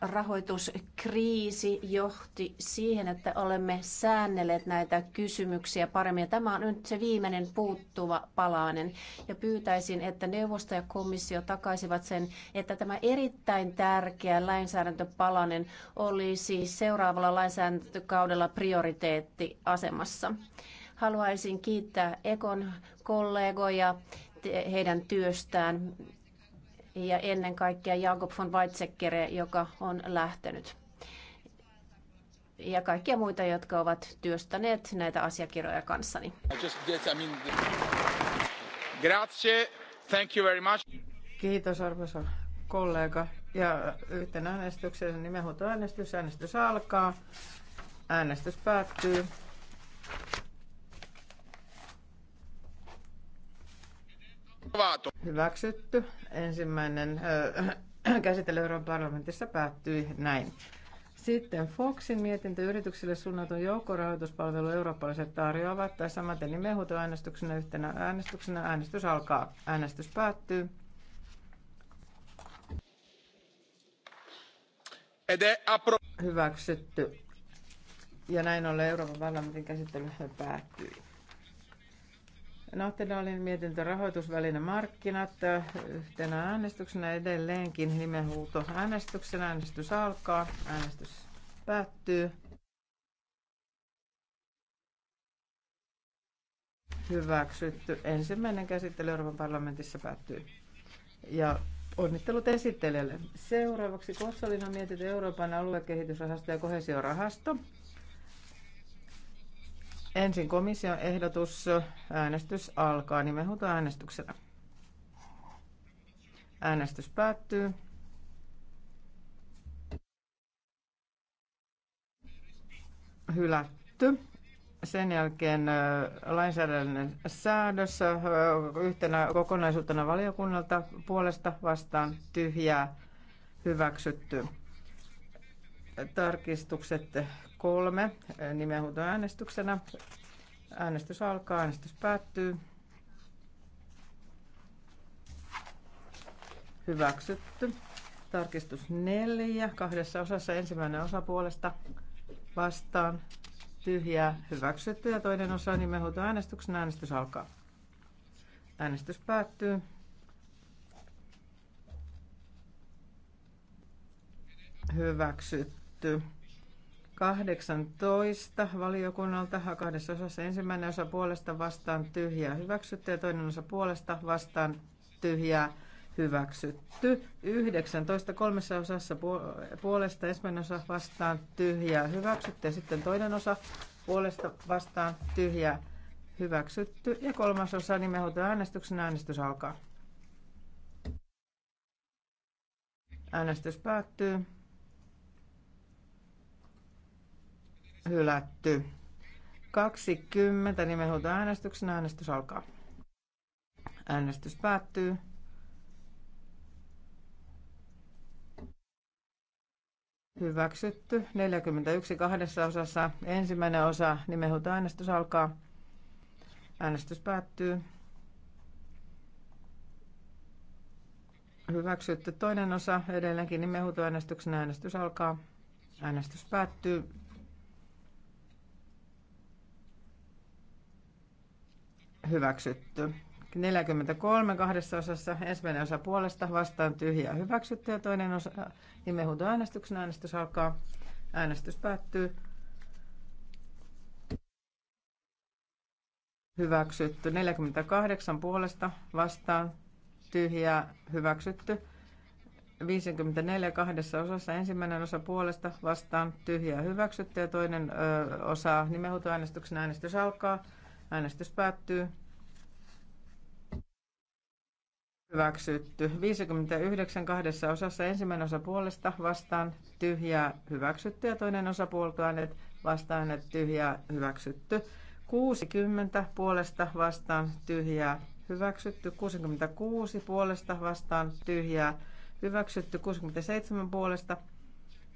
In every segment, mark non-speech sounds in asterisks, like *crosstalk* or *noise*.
rahoituskriisi johti siihen, että olemme säännelleet näitä kysymyksiä paremmin. Tämä on nyt se viimeinen puuttuva palanen. Ja pyytäisin, että neuvosto ja komissio takaisivat sen, että tämä erittäin tärkeä lainsäädäntöpalanen olisi seuraavalla lainsäädäntökaudella prioriteettiasemassa. Haluaisin kiittää Ekon kollegoja heidän työstään ja ennen kaikkea Jakob von Weizsäcker, joka on lähtenyt. Ja kaikkia muita, jotka ovat työstäneet näitä asiakirjoja kanssani. Kiitos arvoisa kollega. Ja yhtenä äänestyksen nimenhuutoäänestys. Äänestys alkaa. Äänestys päättyy. Hyväksytty. Ensimmäinen äh, *clears throat* käsittely Euroopan parlamentissa päättyi näin. Sitten Foxin mietintö yrityksille suunnatun joukkorahoituspalvelu eurooppalaiset tarjoavat tai samaten äänestyksenä yhtenä äänestyksenä. Äänestys alkaa. Äänestys päättyy. Hyväksytty. Ja näin ollen Euroopan parlamentin käsittely päättyi. Nautedalin no, mietintö rahoitusväline markkinat yhtenä äänestyksenä edelleenkin nimenhuuto äänestyksen. Äänestys alkaa, äänestys päättyy. Hyväksytty. Ensimmäinen käsittely Euroopan parlamentissa päättyy. Ja onnittelut esittelijälle. Seuraavaksi Kotsalina mietintö Euroopan aluekehitysrahasto ja kohesiorahasto. Ensin komission ehdotus. Äänestys alkaa nimenhuuto äänestyksellä. Äänestys päättyy. Hylätty. Sen jälkeen lainsäädännön säädös yhtenä kokonaisuutena valiokunnalta puolesta vastaan tyhjää hyväksytty. Tarkistukset kolme nimenhuutoäänestyksenä. Äänestys alkaa, äänestys päättyy. Hyväksytty. Tarkistus neljä Kahdessa osassa ensimmäinen osa puolesta vastaan. Tyhjää hyväksytty ja toinen osa nimenhuutoäänestyksen äänestys alkaa. Äänestys päättyy. Hyväksytty. 18 valiokunnalta kahdessa osassa. Ensimmäinen osa puolesta vastaan tyhjää hyväksytty ja toinen osa puolesta vastaan tyhjää hyväksytty. 19 kolmessa osassa puolesta ensimmäinen osa vastaan tyhjää hyväksytty ja sitten toinen osa puolesta vastaan tyhjää hyväksytty. Ja kolmas osa nimenhuuto äänestyksen äänestys alkaa. Äänestys päättyy. hylätty. 20 nimenhuolto äänestyksen. Äänestys alkaa. Äänestys päättyy. Hyväksytty. 41 kahdessa osassa. Ensimmäinen osa nimenhuolto äänestys alkaa. Äänestys päättyy. Hyväksytty toinen osa. Edelleenkin nimenhuutoäänestyksen äänestys alkaa. Äänestys päättyy. hyväksytty. 43 kahdessa osassa, ensimmäinen osa puolesta, vastaan tyhjää hyväksytty ja toinen osa nimenhuutoäänestyksen äänestys alkaa. Äänestys päättyy. Hyväksytty. 48 puolesta vastaan tyhjää hyväksytty. 54 kahdessa osassa. Ensimmäinen osa puolesta vastaan tyhjää hyväksytty ja toinen ö, osa nimenhuutoäänestyksen äänestys alkaa. Äänestys päättyy. Hyväksytty. 59 kahdessa osassa ensimmäinen osa puolesta vastaan tyhjää hyväksytty ja toinen osa puoltoaineet vastaan äänet tyhjää hyväksytty. 60 puolesta vastaan tyhjää hyväksytty. 66 puolesta vastaan tyhjää hyväksytty. 67 puolesta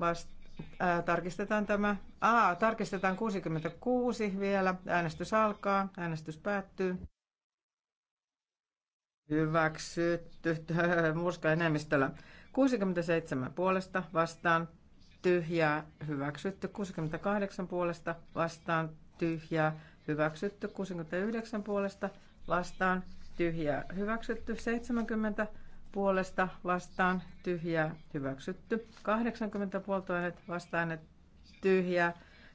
vastaan Ää, tarkistetaan tämä. Aa, tarkistetaan 66 vielä. Äänestys alkaa. Äänestys päättyy. Hyväksytty. *laughs* Murska enemmistöllä. 67 puolesta vastaan. Tyhjää. Hyväksytty. 68 puolesta vastaan. Tyhjää. Hyväksytty. 69 puolesta vastaan. Tyhjää. Hyväksytty. 70 puolesta vastaan tyhjää hyväksytty. 80 puoltoäänet vastaan tyhjää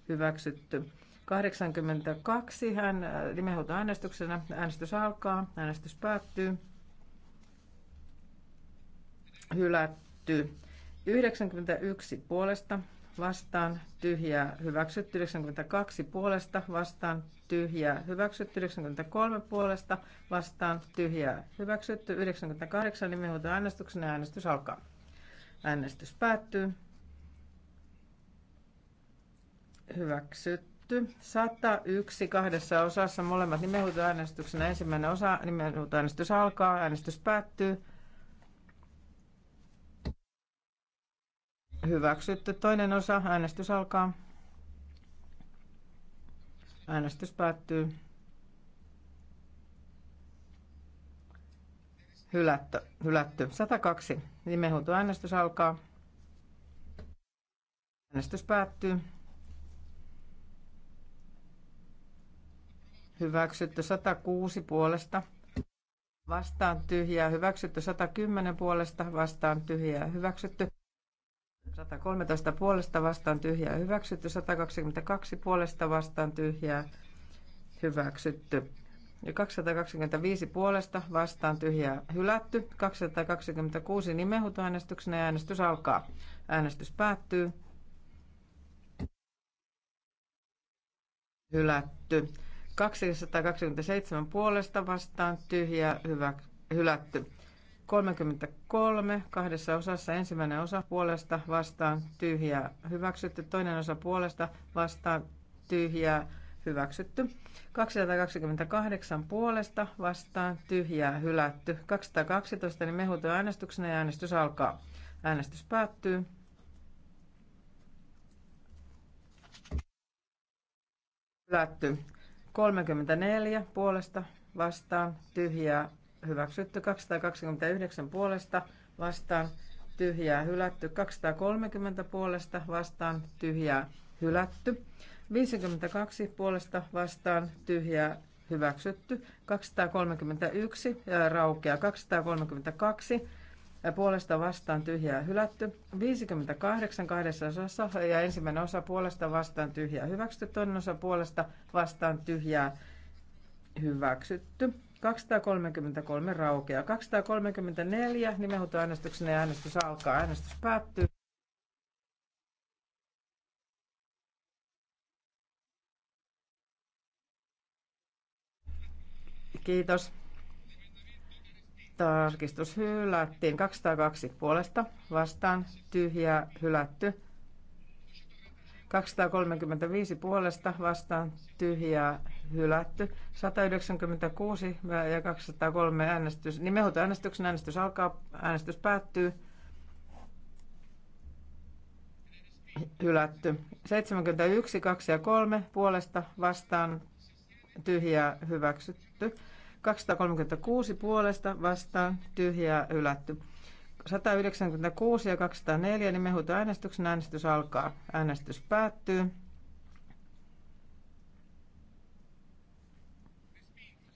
hyväksytty. 82 hän äh, nimenhuuta äänestyksenä. Äänestys alkaa, äänestys päättyy. Hylätty. 91 puolesta vastaan tyhjää hyväksytty 92 puolesta vastaan tyhjää hyväksytty 93 puolesta vastaan tyhjää hyväksytty 98 minuutin äänestyksen äänestys alkaa. Äänestys päättyy. Hyväksytty. 101 kahdessa osassa molemmat nimenhuutoäänestyksenä. Ensimmäinen osa nimenhuutoäänestys alkaa, äänestys päättyy. Hyväksytty. Toinen osa. Äänestys alkaa. Äänestys päättyy. Hylätty. Hylätty. 102. Nimenhuuto äänestys alkaa. Äänestys päättyy. Hyväksytty 106 puolesta. Vastaan tyhjää. Hyväksytty 110 puolesta. Vastaan tyhjää. Hyväksytty 113 puolesta vastaan tyhjää hyväksytty, 122 puolesta vastaan tyhjää hyväksytty. 225 puolesta vastaan tyhjää hylätty, 226 nimenhuutoäänestyksenä ja äänestys alkaa. Äänestys päättyy. Hylätty. 227 puolesta vastaan tyhjää hyvä, hylätty. 33 kahdessa osassa. Ensimmäinen osa puolesta vastaan tyhjää hyväksytty. Toinen osa puolesta vastaan tyhjää hyväksytty. 228 puolesta vastaan tyhjää hylätty. 212 niin mehutu äänestyksenä ja äänestys alkaa. Äänestys päättyy. Hylätty. 34 puolesta vastaan tyhjää hyväksytty 229 puolesta vastaan tyhjää hylätty, 230 puolesta vastaan tyhjää hylätty, 52 puolesta vastaan tyhjää hyväksytty, 231 ja raukea, 232 puolesta vastaan tyhjää hylätty, 58 kahdessa osassa ja ensimmäinen osa puolesta vastaan tyhjää hyväksytty, toinen osa puolesta vastaan tyhjää hyväksytty. 233 raukeaa. 234 äänestyksenä ja äänestys alkaa. Äänestys päättyy. Kiitos. Tarkistus hylättiin. 202 puolesta vastaan. tyhjä hylätty. 235 puolesta vastaan. tyhjä hylätty. 196 ja 203 äänestys. Niin Nimenhoitoäänestyksen äänestys alkaa, äänestys päättyy. Hylätty. 71, 2 ja 3 puolesta vastaan tyhjää hyväksytty. 236 puolesta vastaan tyhjää hylätty. 196 ja 204 nimenhuutoäänestyksen niin äänestys alkaa. Äänestys päättyy.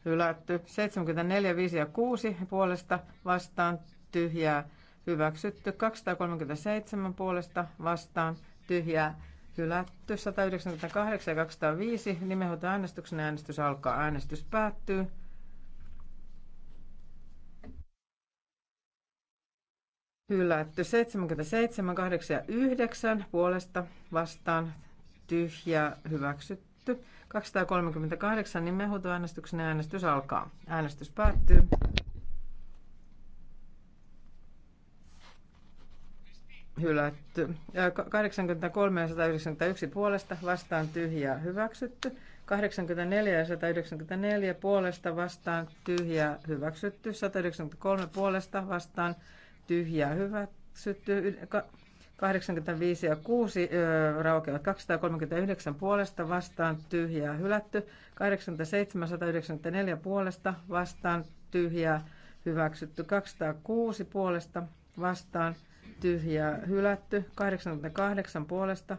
hylätty. 74, 5 ja 6 puolesta vastaan tyhjää hyväksytty. 237 puolesta vastaan tyhjää hylätty. 198 ja 205 nimenhoitoäänestyksen äänestys alkaa. Äänestys päättyy. Hylätty 77, 8 ja 9 puolesta vastaan tyhjää hyväksytty. 238 niin nimenhuutoäänestyksen äänestys alkaa. Äänestys päättyy. Hylätty. 83 ja 191 puolesta vastaan tyhjää hyväksytty. 84 ja 194 puolesta vastaan tyhjää hyväksytty. 193 puolesta vastaan tyhjää hyväksytty. 85 ja 6 raukeavat 239 puolesta vastaan tyhjää hylätty. 87 194 puolesta vastaan tyhjää hyväksytty. 206 puolesta vastaan tyhjää hylätty. 88 puolesta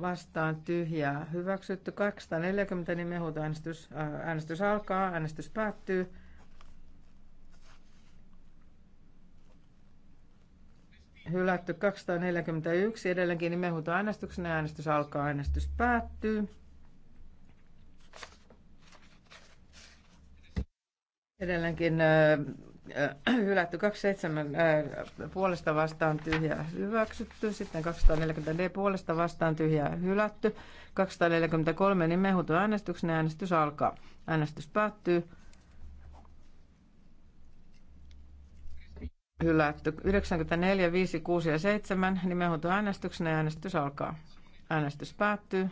vastaan tyhjää hyväksytty. 240 niin mehut äänestys, äänestys alkaa, äänestys päättyy. hylätty 241, edelleenkin nimenhuuto äänestyksen äänestys alkaa, äänestys päättyy. Edelleenkin äh, hylätty 27 äh, puolesta vastaan tyhjä hyväksytty, sitten 240D puolesta vastaan tyhjä hylätty, 243 nimenhuuto äänestyksen äänestys alkaa, äänestys päättyy. hylätty. 94, 5, 6 ja 7 nimenhuutoäänestyksenä ja äänestys alkaa. Äänestys päättyy.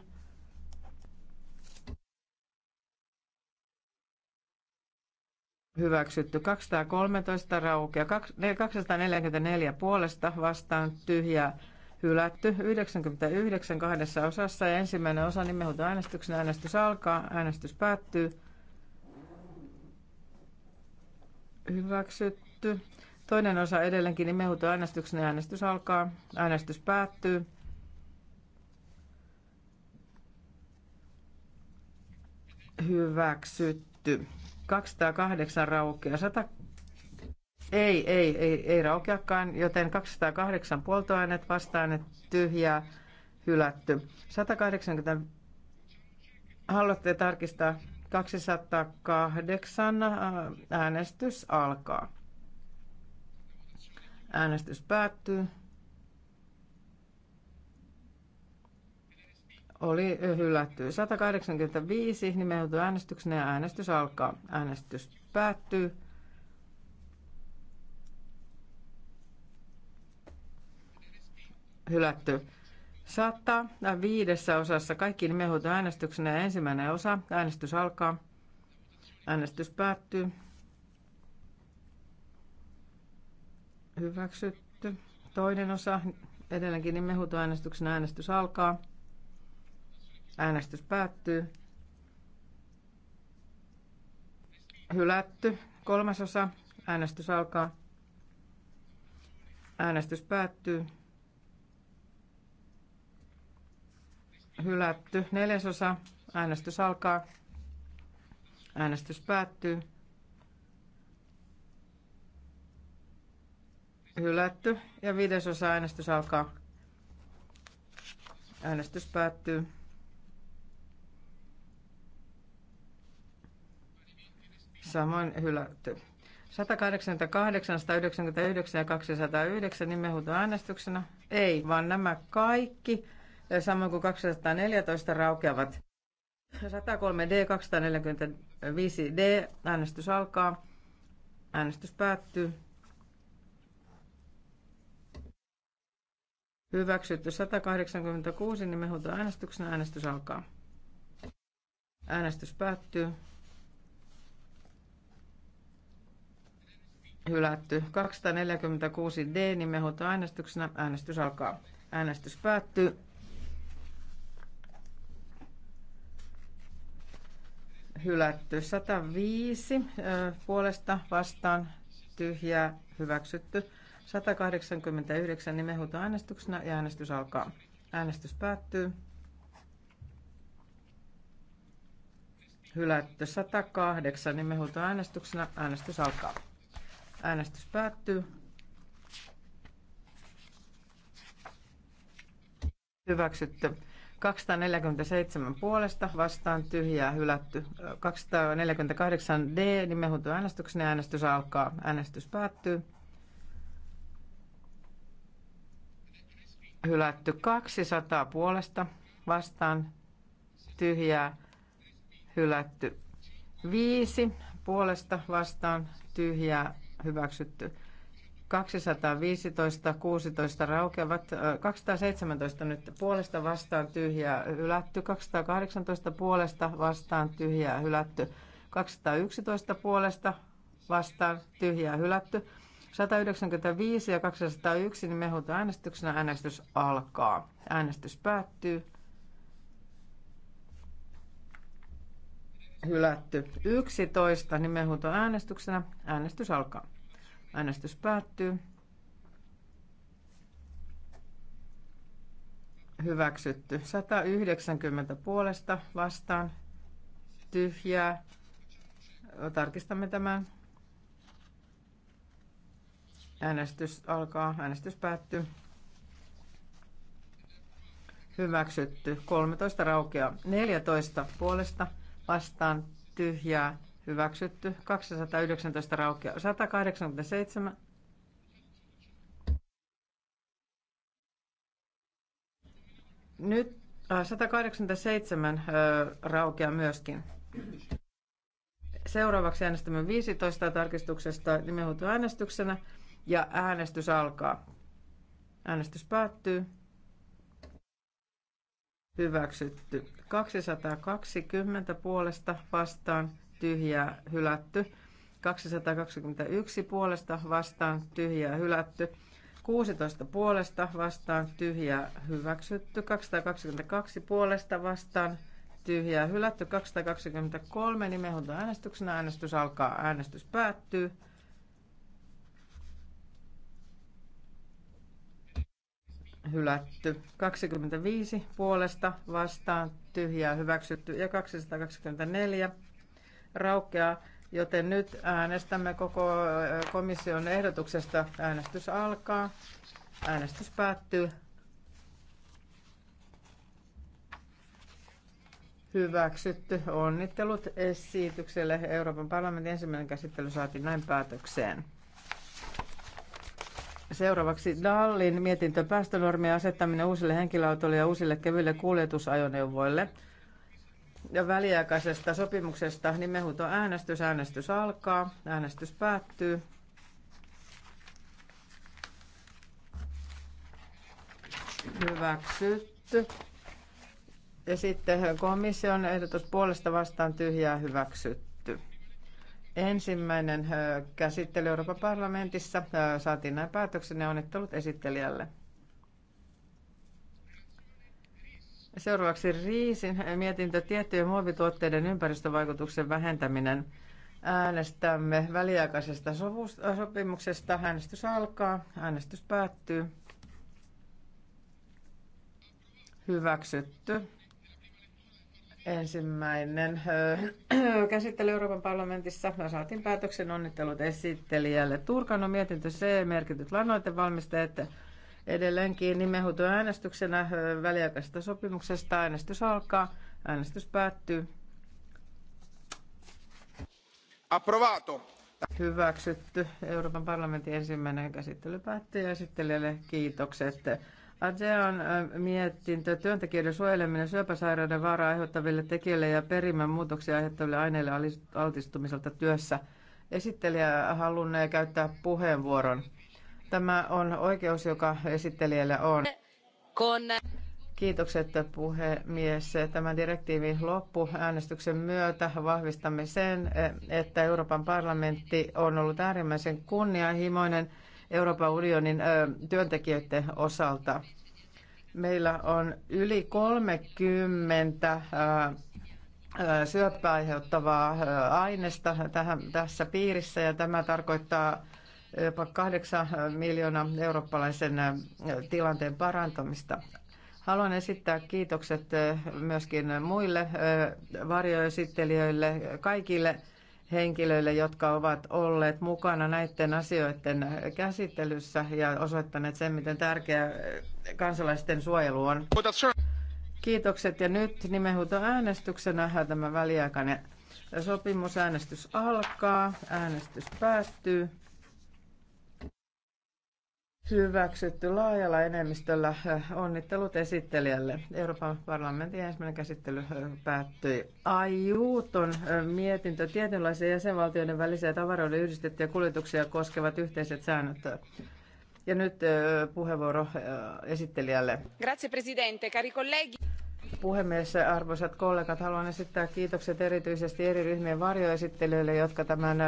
Hyväksytty 213 raukea, 244 puolesta vastaan tyhjää hylätty 99 kahdessa osassa ja ensimmäinen osa nimenhuutoäänestyksen äänestys alkaa, äänestys päättyy. Hyväksytty. Toinen osa edelleenkin nimenhuuto niin äänestyksen äänestys alkaa. Äänestys päättyy. Hyväksytty. 208 raukea. 100... Ei, ei, ei, ei raukeakaan, joten 208 puoltoaineet vastaan tyhjää hylätty. 180. Haluatte tarkistaa 208. Äänestys alkaa. Äänestys päättyy. Oli hylätty. 185 nimenhuuto äänestyksenä ja äänestys alkaa. Äänestys päättyy. Hylätty. 100 viidessä osassa kaikki nimenhuuto äänestyksenä ja ensimmäinen osa. Äänestys alkaa. Äänestys päättyy. Hyväksytty. Toinen osa. Edelleenkin niin mehutuäänestyksen äänestys alkaa. Äänestys päättyy. Hylätty. Kolmas osa. Äänestys alkaa. Äänestys päättyy. Hylätty. osa. Äänestys alkaa. Äänestys päättyy. hylätty. Ja viidesosa äänestys alkaa. Äänestys päättyy. Samoin hylätty. 188, 199 ja 209 nimenhuuto äänestyksenä. Ei, vaan nämä kaikki, samoin kuin 214 raukeavat. 103D, 245D, äänestys alkaa. Äänestys päättyy. Hyväksytty 186, niin me äänestyksenä. Äänestys alkaa. Äänestys päättyy. Hylätty 246D, niin me äänestyksenä. Äänestys alkaa. Äänestys päättyy. Hylätty 105 puolesta vastaan tyhjää hyväksytty 189 nimenhuuto äänestyksenä ja äänestys alkaa. Äänestys päättyy. Hylätty 108 nimenhuuto äänestyksenä. Äänestys alkaa. Äänestys päättyy. Hyväksytty. 247 puolesta vastaan tyhjää hylätty. 248 D nimenhuuto äänestyksenä. Äänestys alkaa. Äänestys päättyy. hylätty 200 puolesta vastaan tyhjää hylätty 5 puolesta vastaan tyhjää hyväksytty 215, 16 raukeavat, 217 nyt puolesta vastaan tyhjää hylätty, 218 puolesta vastaan tyhjää hylätty, 211 puolesta vastaan tyhjää hylätty, 195 ja 201 niin mehut äänestyksenä. Äänestys alkaa. Äänestys päättyy. Hylätty. 11 nimenhuuto niin äänestyksenä. Äänestys alkaa. Äänestys päättyy. Hyväksytty. 190 puolesta vastaan. Tyhjää. Tarkistamme tämän. Äänestys alkaa. Äänestys päättyy. Hyväksytty. 13 raukea. 14 puolesta vastaan tyhjää. Hyväksytty. 219 raukea. 187. Nyt 187 äh, äh, raukea myöskin. Seuraavaksi äänestämme 15 tarkistuksesta nimenhuutoäänestyksenä. äänestyksenä ja äänestys alkaa. Äänestys päättyy. Hyväksytty. 220 puolesta vastaan tyhjää hylätty. 221 puolesta vastaan tyhjää hylätty. 16 puolesta vastaan tyhjää hyväksytty. 222 puolesta vastaan tyhjää hylätty. 223 nimenhuolto äänestyksenä. Äänestys alkaa. Äänestys päättyy. hylätty. 25 puolesta vastaan tyhjää hyväksytty ja 224 raukeaa, joten nyt äänestämme koko komission ehdotuksesta. Äänestys alkaa. Äänestys päättyy. Hyväksytty. Onnittelut esitykselle. Euroopan parlamentin ensimmäinen käsittely saatiin näin päätökseen. Seuraavaksi Dallin mietintö päästönormien asettaminen uusille henkilöautoille ja uusille kevyille kuljetusajoneuvoille. Ja väliaikaisesta sopimuksesta nimenhuuto äänestys. Äänestys alkaa. Äänestys päättyy. Hyväksytty. Ja sitten komission ehdotus puolesta vastaan tyhjää hyväksytty. Ensimmäinen käsittely Euroopan parlamentissa saatiin näin päätöksen ja onnittelut esittelijälle. Seuraavaksi Riisin mietintö tiettyjen muovituotteiden ympäristövaikutuksen vähentäminen. Äänestämme väliaikaisesta sopimuksesta. Äänestys alkaa. Äänestys päättyy. Hyväksytty. Ensimmäinen *clears throat* käsittely Euroopan parlamentissa. Me saatiin päätöksen onnittelut esittelijälle. on mietintö C, merkityt valmistajat. edelleenkin nimenhuuto niin äänestyksenä väliaikaisesta sopimuksesta. Äänestys alkaa. Äänestys päättyy. Approvato. Hyväksytty. Euroopan parlamentin ensimmäinen käsittely päättyy ja esittelijälle kiitokset. Ajean mietintö, työntekijöiden suojeleminen syöpäsairauden vaaraa aiheuttaville tekijöille ja perimän muutoksia aiheuttaville aineille altistumiselta työssä. Esittelijä halunnee käyttää puheenvuoron. Tämä on oikeus, joka esittelijällä on. Kone. Kiitokset puhemies. Tämän direktiivin loppuäänestyksen myötä vahvistamme sen, että Euroopan parlamentti on ollut äärimmäisen kunnianhimoinen – Euroopan unionin työntekijöiden osalta. Meillä on yli 30 syöppää aiheuttavaa aineesta tässä piirissä ja tämä tarkoittaa jopa 8 miljoonaa eurooppalaisen tilanteen parantamista. Haluan esittää kiitokset myöskin muille varjoesittelijöille, kaikille henkilöille, jotka ovat olleet mukana näiden asioiden käsittelyssä ja osoittaneet sen, miten tärkeä kansalaisten suojelu on. Kiitokset ja nyt nimenhuuto äänestyksenä tämä väliaikainen sopimusäänestys alkaa, äänestys päättyy hyväksytty laajalla enemmistöllä. Onnittelut esittelijälle. Euroopan parlamentin ensimmäinen käsittely päättyi. Ajuuton mietintö tietynlaisia jäsenvaltioiden välisiä tavaroiden yhdistettyjä kuljetuksia koskevat yhteiset säännöt. Ja nyt puheenvuoro esittelijälle. Grazie presidente, cari colleghi puhemies, arvoisat kollegat, haluan esittää kiitokset erityisesti eri ryhmien varjoesittelyille, jotka tämän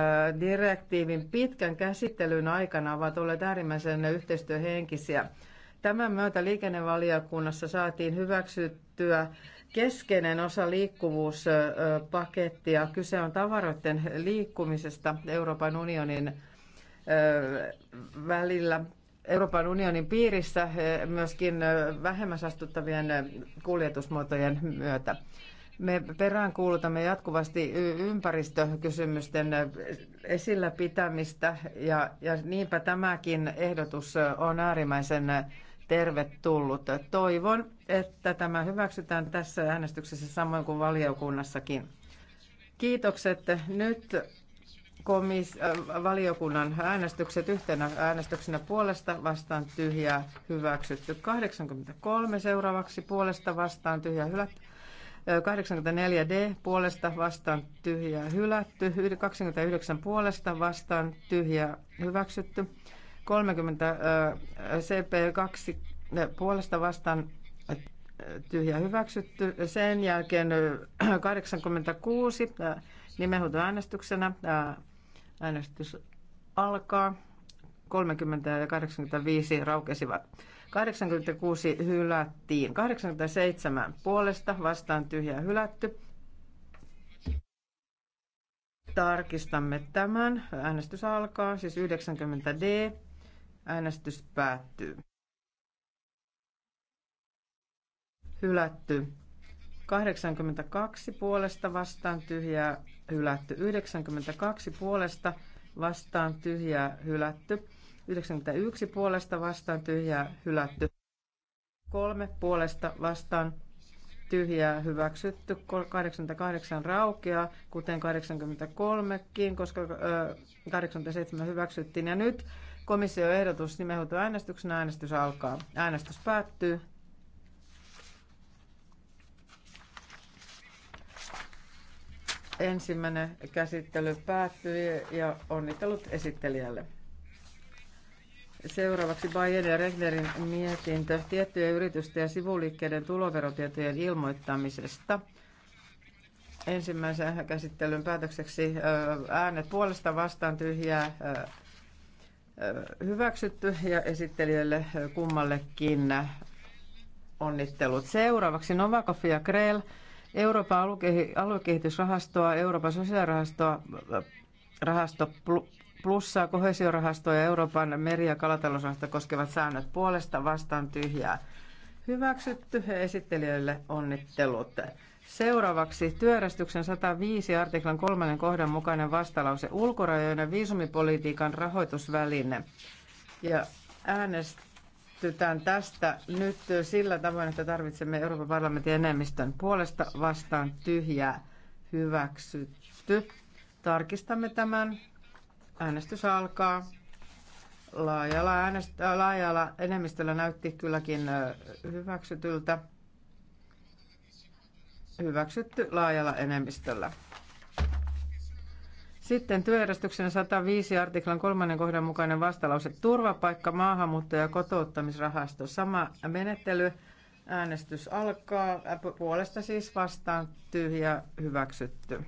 direktiivin pitkän käsittelyn aikana ovat olleet äärimmäisen yhteistyöhenkisiä. Tämän myötä liikennevaliokunnassa saatiin hyväksyttyä keskeinen osa liikkuvuuspakettia. Kyse on tavaroiden liikkumisesta Euroopan unionin välillä Euroopan unionin piirissä eh, myöskin eh, vähemmän saastuttavien eh, kuljetusmuotojen myötä. Me peräänkuulutamme jatkuvasti ympäristökysymysten esillä pitämistä ja, ja niinpä tämäkin ehdotus on äärimmäisen tervetullut. Toivon, että tämä hyväksytään tässä äänestyksessä samoin kuin valiokunnassakin. Kiitokset. Nyt komis, äh, valiokunnan äänestykset yhtenä äänestyksenä puolesta vastaan tyhjää hyväksytty. 83 seuraavaksi puolesta vastaan tyhjää hylätty. 84D puolesta vastaan tyhjää hylätty. 29 puolesta vastaan tyhjää hyväksytty. 30 CP2 puolesta vastaan tyhjä hyväksytty. Sen jälkeen 86 nimenhuutoäänestyksenä Äänestys alkaa. 30 ja 85 raukesivat. 86 hylättiin. 87 puolesta vastaan tyhjä hylätty. Tarkistamme tämän. Äänestys alkaa, siis 90D. Äänestys päättyy. Hylätty. 82 puolesta vastaan tyhjää hylätty. 92 puolesta vastaan tyhjää hylätty. 91 puolesta vastaan tyhjää hylätty. 3 puolesta vastaan tyhjää hyväksytty. 88 raukeaa, kuten 83kin, koska 87 hyväksyttiin. Ja nyt komissioehdotus ehdotus äänestys alkaa. Äänestys päättyy. Ensimmäinen käsittely päättyi ja onnittelut esittelijälle. Seuraavaksi Bayer ja Regnerin mietintö tiettyjen yritysten ja sivuliikkeiden tuloverotietojen ilmoittamisesta. Ensimmäisen käsittelyn päätökseksi äänet puolesta vastaan tyhjää hyväksytty ja esittelijöille kummallekin onnittelut. Seuraavaksi Novakoff ja Krell. Euroopan aluekehitysrahastoa, Euroopan sosiaalirahastoa, rahasto plussaa, kohesiorahastoa ja Euroopan meri- ja kalatalousrahasto koskevat säännöt puolesta vastaan tyhjää. Hyväksytty esittelijöille onnittelut. Seuraavaksi työjärjestyksen 105 artiklan kolmannen kohdan mukainen vastalause ulkorajojen viisumipolitiikan rahoitusväline. Ja äänest äänestetään tästä nyt sillä tavoin, että tarvitsemme Euroopan parlamentin enemmistön puolesta vastaan tyhjää hyväksytty. Tarkistamme tämän. Äänestys alkaa. Laajalla, äänest- äh, laajalla enemmistöllä näytti kylläkin äh, hyväksytyltä. Hyväksytty laajalla enemmistöllä. Sitten työjärjestyksen 105 artiklan kolmannen kohdan mukainen vastalause turvapaikka, maahanmuutto ja kotouttamisrahasto. Sama menettely. Äänestys alkaa. Puolesta siis vastaan tyhjä hyväksytty.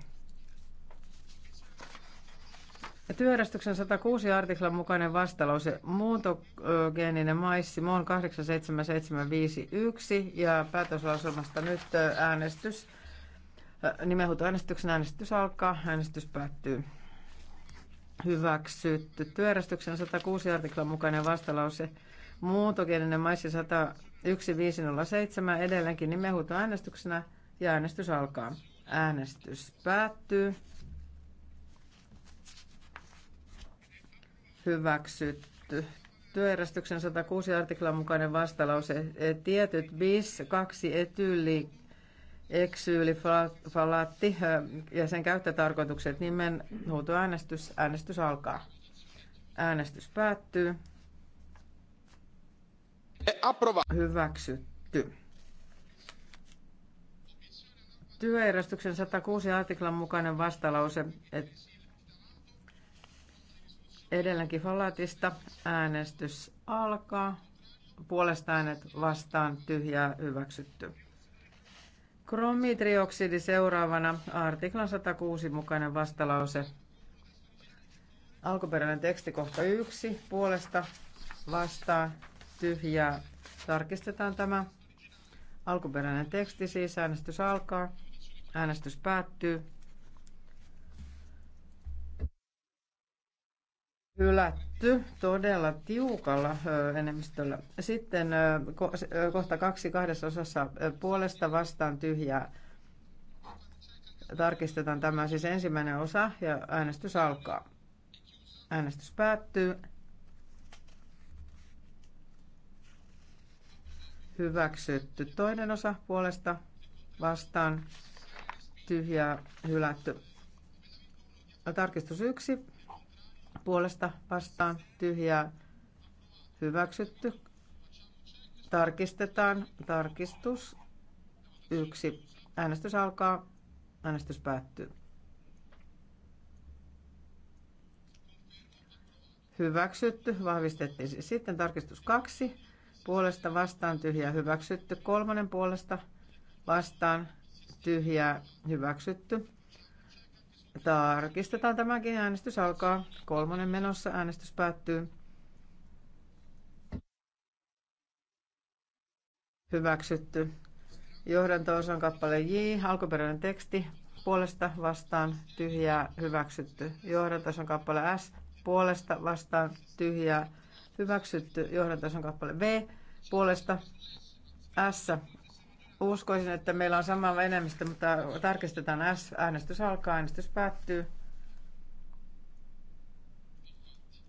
Työjärjestyksen 106 artiklan mukainen vastalause muuntogeeninen maissi MON 87751 ja päätöslauselmasta nyt äänestys Nimenhuutoäänestyksen äänestys alkaa, äänestys päättyy. Hyväksytty. Työjärjestyksen 106 artiklan mukainen vastalause. Muutokielinen maissi 101507 edelleenkin nimenhuutoäänestyksenä ja äänestys alkaa. Äänestys päättyy. Hyväksytty. Työjärjestyksen 106 artiklan mukainen vastalause. Tietyt bis, kaksi etyli, eksyylifalaatti ja sen käyttötarkoitukset nimen huutoäänestys. Äänestys alkaa. Äänestys päättyy. Hyväksytty. Työjärjestyksen 106 artiklan mukainen vastalause et edelläkin falaatista. Äänestys alkaa. Puolesta äänet vastaan tyhjää hyväksytty. Kromitrioksidi seuraavana, artiklan 106 mukainen vastalause. Alkuperäinen teksti kohta yksi, puolesta vastaa tyhjää. Tarkistetaan tämä. Alkuperäinen teksti siis, äänestys alkaa, äänestys päättyy. hylätty todella tiukalla enemmistöllä. Sitten kohta kaksi kahdessa osassa puolesta vastaan tyhjää. Tarkistetaan tämä siis ensimmäinen osa ja äänestys alkaa. Äänestys päättyy. Hyväksytty toinen osa puolesta vastaan tyhjää hylätty. Tarkistus yksi puolesta vastaan tyhjää hyväksytty. Tarkistetaan tarkistus yksi. Äänestys alkaa, äänestys päättyy. Hyväksytty, vahvistettiin. Siis sitten tarkistus kaksi. Puolesta vastaan tyhjää hyväksytty. Kolmannen puolesta vastaan tyhjää hyväksytty. Tarkistetaan tämäkin. Äänestys alkaa. Kolmonen menossa. Äänestys päättyy. Hyväksytty. johdanto on kappale J. Alkuperäinen teksti. Puolesta vastaan tyhjää hyväksytty. johdanto on kappale S. Puolesta vastaan tyhjää hyväksytty. johdanto on kappale V. Puolesta S Uskoisin, että meillä on sama enemmistö, mutta tarkistetaan S. Äänestys alkaa, äänestys päättyy.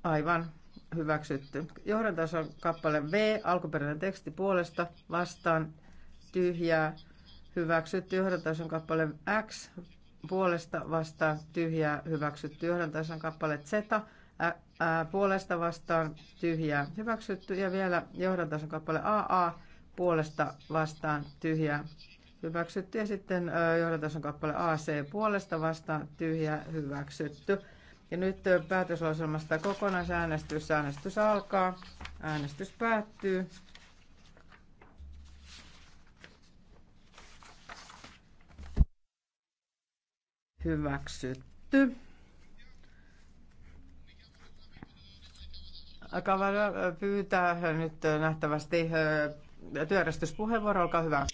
Aivan hyväksytty. Johdantason kappale V, alkuperäinen teksti puolesta, vastaan, tyhjää, hyväksytty. Johdantason kappale X, puolesta, vastaan, tyhjää, hyväksytty. Johdantason kappale Z, ä, ä, puolesta, vastaan, tyhjää, hyväksytty. Ja vielä johdantason kappale AA, puolesta vastaan tyhjää hyväksytty. Ja sitten johdatason kappale AC puolesta vastaan tyhjää hyväksytty. Ja nyt päätöslauselmasta kokonaisäänestys. Äänestys alkaa. Äänestys päättyy. Hyväksytty. Kavara pyytää nyt nähtävästi työjärjestyspuheenvuoro, olkaa hyvä.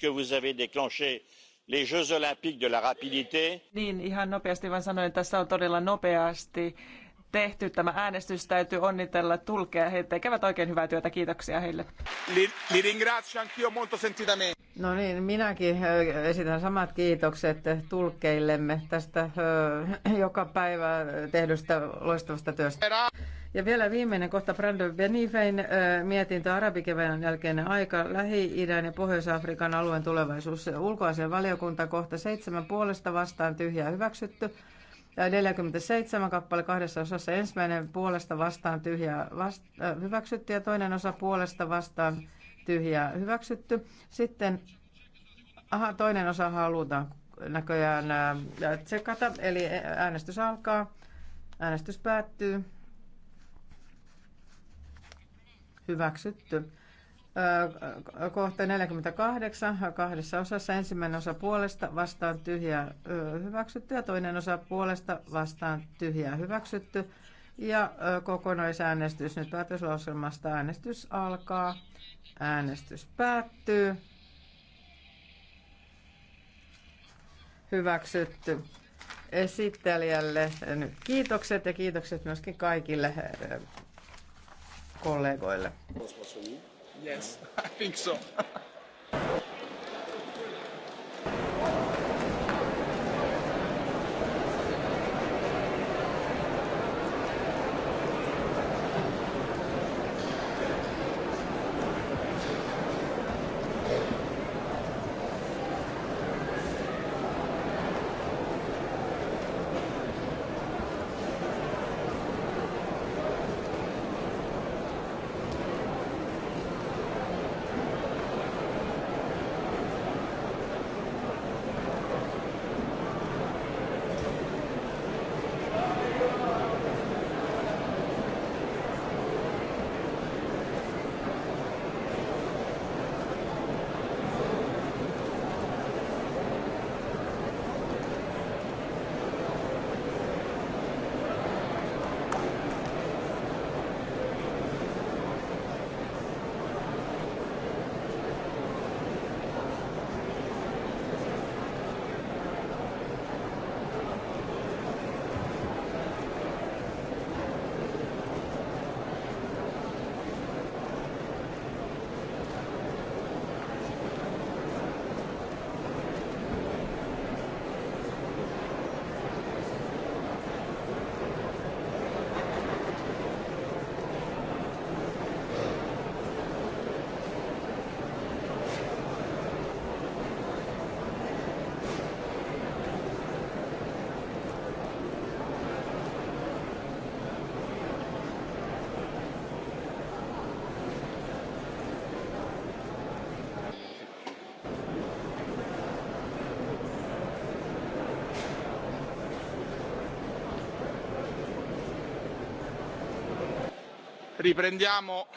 Les Jeux Olympiques de la rapidité. Niin, ihan nopeasti vaan sanoin, että tässä on todella nopeasti tehty tämä äänestys. Täytyy onnitella tulkea. He tekevät oikein hyvää työtä. Kiitoksia heille. No niin, minäkin esitän samat kiitokset tulkkeillemme tästä *clears throat* joka päivä tehdystä loistavasta työstä. Ja vielä viimeinen kohta Brando Benifein mietintö arabikevään jälkeinen aika, Lähi-idän ja Pohjois-Afrikan alueen tulevaisuus. Ulkoasian valiokunta kohta seitsemän puolesta vastaan tyhjää hyväksytty. 47 kappale kahdessa osassa. Ensimmäinen puolesta vastaan tyhjää vast, äh, hyväksytty ja toinen osa puolesta vastaan tyhjää hyväksytty. Sitten aha, toinen osa halutaan näköjään äh, tsekata, eli äänestys alkaa. Äänestys päättyy. Hyväksytty kohta 48 kahdessa osassa. Ensimmäinen osa puolesta vastaan tyhjää hyväksytty ja toinen osa puolesta vastaan tyhjää hyväksytty. Ja kokonaisäänestys nyt päätöslauselmasta. Äänestys alkaa. Äänestys päättyy. Hyväksytty esittelijälle nyt kiitokset ja kiitokset myöskin kaikille kollegoille. Yes, *laughs* I think so. Riprendiamo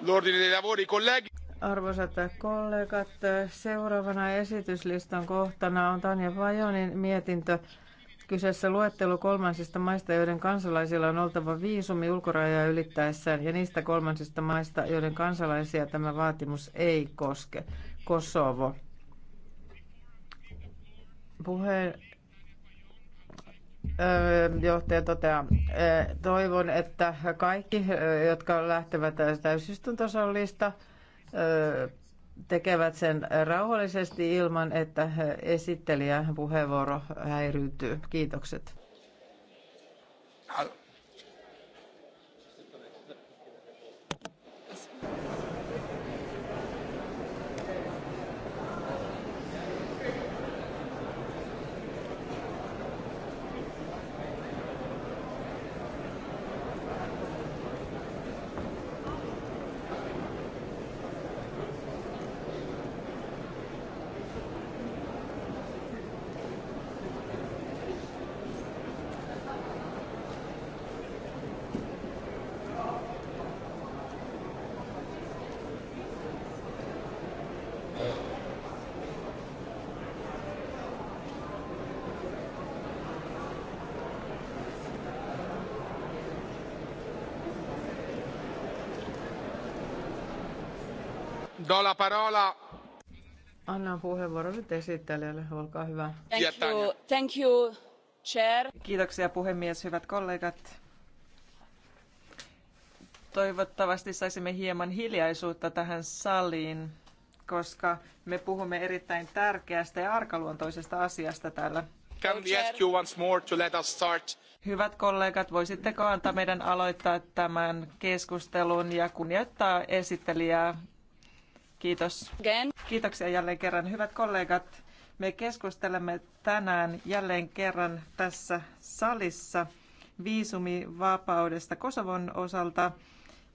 l'ordine dei lavori, colleghi. Arvoisat kollegat, seuraavana esityslistan kohtana on Tanja Vajonin mietintö. Kyseessä luettelo kolmansista maista, joiden kansalaisilla on oltava viisumi ulkorajaa ylittäessään, ja niistä kolmansista maista, joiden kansalaisia tämä vaatimus ei koske. Kosovo. Puheen johtaja toteaa, toivon, että kaikki, jotka lähtevät täysistuntosallista, tekevät sen rauhallisesti ilman, että esittelijän puheenvuoro häiriytyy. Kiitokset. Do la parola. Annan puheenvuoron nyt esittelijälle, olkaa hyvä. Thank you, thank you, chair. Kiitoksia puhemies, hyvät kollegat. Toivottavasti saisimme hieman hiljaisuutta tähän saliin, koska me puhumme erittäin tärkeästä ja arkaluontoisesta asiasta täällä. Can we ask you once more to let us start? Hyvät kollegat, voisitteko antaa meidän aloittaa tämän keskustelun ja kunnioittaa esittelijää Kiitos. Kiitoksia jälleen kerran. Hyvät kollegat, me keskustelemme tänään jälleen kerran tässä salissa viisumivapaudesta Kosovon osalta.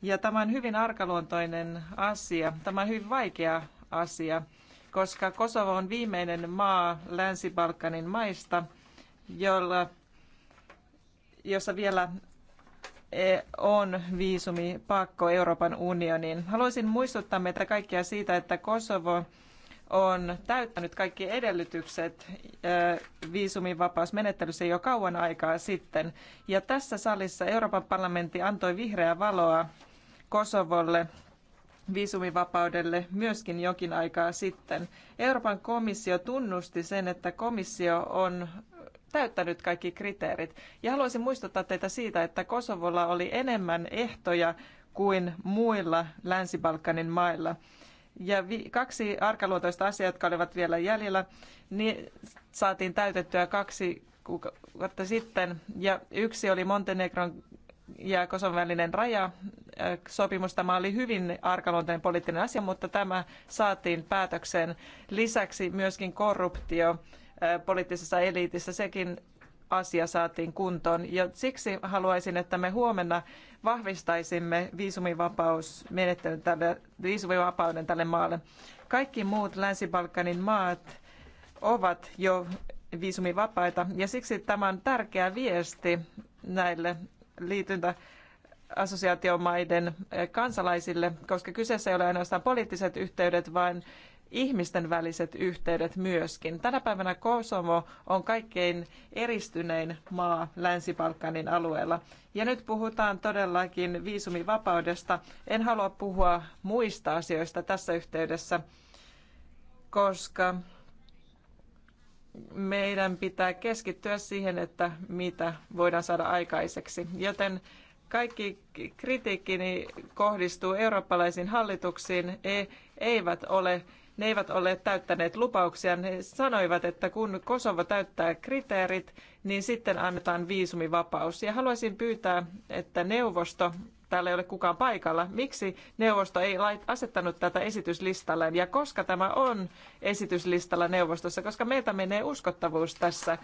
Ja tämä on hyvin arkaluontoinen asia. Tämä on hyvin vaikea asia, koska Kosovo on viimeinen maa Länsi-Balkanin maista, jolla, jossa vielä on viisumipakko Euroopan unioniin. Haluaisin muistuttaa meitä kaikkia siitä, että Kosovo on täyttänyt kaikki edellytykset viisumivapausmenettelyssä jo kauan aikaa sitten. Ja tässä salissa Euroopan parlamentti antoi vihreää valoa Kosovolle viisumivapaudelle myöskin jokin aikaa sitten. Euroopan komissio tunnusti sen, että komissio on täyttänyt kaikki kriteerit. Ja haluaisin muistuttaa teitä siitä, että Kosovolla oli enemmän ehtoja kuin muilla Länsi-Balkanin mailla. Ja vi- kaksi arkaluontoista asiaa, jotka olivat vielä jäljellä, niin saatiin täytettyä kaksi kuukautta sitten. Ja yksi oli Montenegron ja Kosovan välinen raja. Äh, sopimus tämä oli hyvin arkaluonteinen poliittinen asia, mutta tämä saatiin päätökseen. Lisäksi myöskin korruptio poliittisessa eliitissä, sekin asia saatiin kuntoon. Ja siksi haluaisin, että me huomenna vahvistaisimme viisumivapausmenettelyn tälle, viisumivapauden tälle maalle. Kaikki muut Länsi-Balkanin maat ovat jo viisumivapaita ja siksi tämä on tärkeä viesti näille liityntä assosiaatiomaiden kansalaisille, koska kyseessä ei ole ainoastaan poliittiset yhteydet, vaan ihmisten väliset yhteydet myöskin. Tänä päivänä Kosovo on kaikkein eristynein maa Länsi-Balkanin alueella. Ja nyt puhutaan todellakin viisumivapaudesta. En halua puhua muista asioista tässä yhteydessä, koska meidän pitää keskittyä siihen, että mitä voidaan saada aikaiseksi. Joten kaikki kritiikkini kohdistuu eurooppalaisiin hallituksiin. e, eivät ole ne eivät olleet täyttäneet lupauksia. Ne sanoivat, että kun Kosovo täyttää kriteerit, niin sitten annetaan viisumivapaus. Ja haluaisin pyytää, että neuvosto, täällä ei ole kukaan paikalla, miksi neuvosto ei asettanut tätä esityslistalleen ja koska tämä on esityslistalla neuvostossa, koska meiltä menee uskottavuus tässä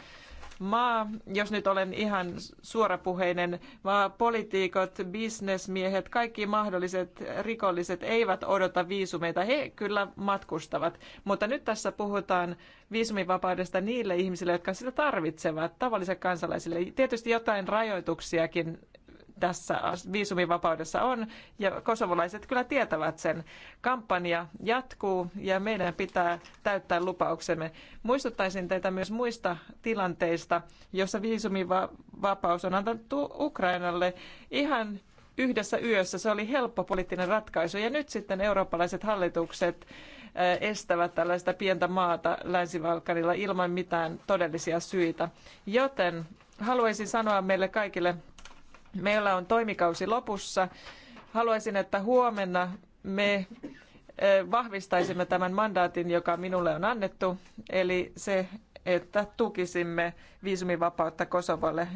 maa, jos nyt olen ihan suorapuheinen, vaan poliitikot, bisnesmiehet, kaikki mahdolliset rikolliset eivät odota viisumeita. He kyllä matkustavat, mutta nyt tässä puhutaan viisumivapaudesta niille ihmisille, jotka sitä tarvitsevat, tavallisille kansalaisille. Tietysti jotain rajoituksiakin tässä viisumivapaudessa on, ja kosovolaiset kyllä tietävät sen. Kampanja jatkuu, ja meidän pitää täyttää lupauksemme. Muistuttaisin teitä myös muista tilanteista, jossa viisumivapaus on antanut Ukrainalle ihan yhdessä yössä. Se oli helppo poliittinen ratkaisu, ja nyt sitten eurooppalaiset hallitukset eh, estävät tällaista pientä maata länsi ilman mitään todellisia syitä. Joten haluaisin sanoa meille kaikille Meillä on toimikausi lopussa. Haluaisin, että huomenna me vahvistaisimme tämän mandaatin, joka minulle on annettu, eli se, että tukisimme viisumivapautta Kosovolle.